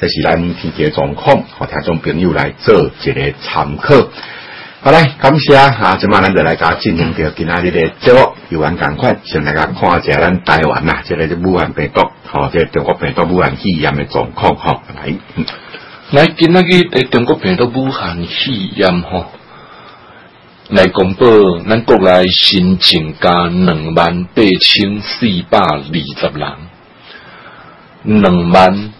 即是咱天氣的狀況，我聽眾朋友來做一個參考。好來，感謝啊！咁啊，我哋嚟講今今日的個即遊玩型冠菌，大家看一下咱台灣啦，即個武漢病毒，即、哦這個中國病毒武漢肺炎的狀況。好、哦，嚟。來，今嗱啲中國病毒武漢肺炎？哈、哦！來公布，咱國內新增加兩萬八千四百二十人，兩萬，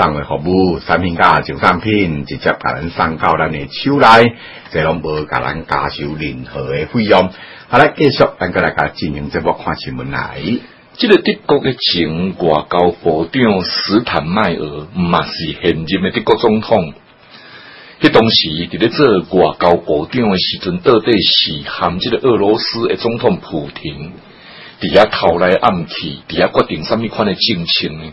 送個服務產品價就產品直接把咱送到咱的手來，即攏無把咱加收任何的費用。好嘞，繼續咱個來個進行節目看新聞來。這個德國嘅前外交部長斯坦邁爾，嘛是現任嘅德國總統。佢當時佇咧做外交部長嘅時陣，到底是含即個俄羅斯嘅總統普京，佇遐偷來暗去，佇遐決定什麼款嘅政情？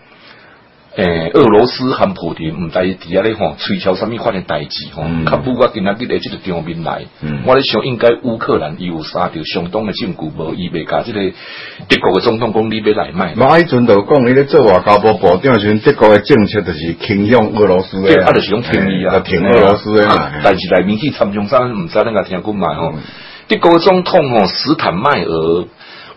誒、欸，俄羅斯含普京，唔知伊佇遐咧吼，吹瞧啥物款嘅代志吼，卡不過今仔日嚟這個場面來，嗯、我咧想應該烏克蘭又殺掉相當嘅證據，無預備搞這個德國嘅總統講你要來賣。嘛，阿尊導講伊咧做外交部部長，算、嗯、德國嘅政策就是傾向俄羅斯，嗯嗯、啊聽啊聽俄羅斯是啊，俄羅斯嘅，但是大名氣參將山唔知你阿聽過咪吼？德、哦嗯、國嘅總統吼，斯坦邁爾。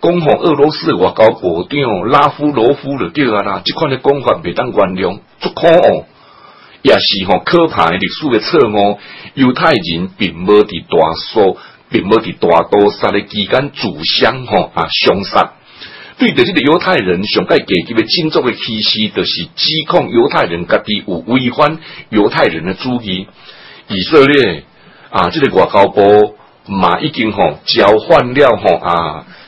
講吼、哦，俄羅斯的外交部長拉夫羅夫就叫啊啦，即款的講法袂當原諒，足可惡，也是吼可怕的歷史嘅錯誤。猶太人並冇佇大蘇，並冇佇大多殺的期間互相吼啊相殺。對的，這個猶太人上界給佮咪今朝嘅氣息，就是指控猶太人家己有違反猶太人的主意，以色列啊，即、這個外交部嘛已經吼、哦、交換了吼、哦、啊。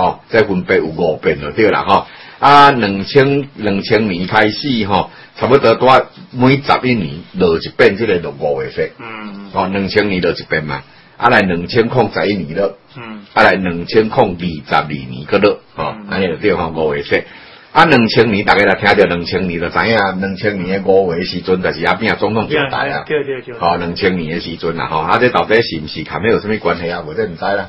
哦，再分別有五遍就對了吼，啊，兩千兩千年開始吼、哦，差不多多每十一年落一遍，即、這個就落五月雪。嗯。吼、哦，兩千年落一遍嘛，啊來兩千控十一年了。嗯。啊來兩千控二十二年個了、哦。嗯。哎呀，對吼，五月雪。啊，兩千年大家來聽着兩千年就知影，兩千年的五月時陣就是阿、啊、扁總統時代了。對、嗯、對對。吼、哦，兩千年嘅時陣啦，吼，啊這到底是唔是卡沒有什麼關係啊？我這唔知啦。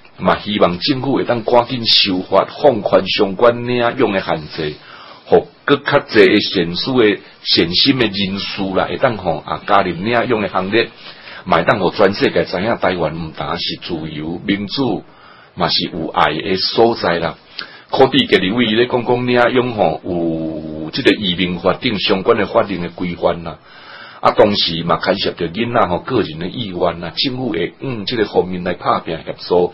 嘛，希望政府會當趕緊修法，放寬相關領養誒限制，互更較多誒善事誒善心誒人士啦，會當學啊加入領養誒行列，嘛會當互全世界知影，台灣唔單是自由民主，嘛是有愛誒所在啦。可比第二位伊咧，講講領養，吼有即個移民法定相關誒法令誒規範啦。啊，同時嘛牽涉着囡仔吼個人誒意願啦，政府會用即、嗯這個方面來拍拼協助。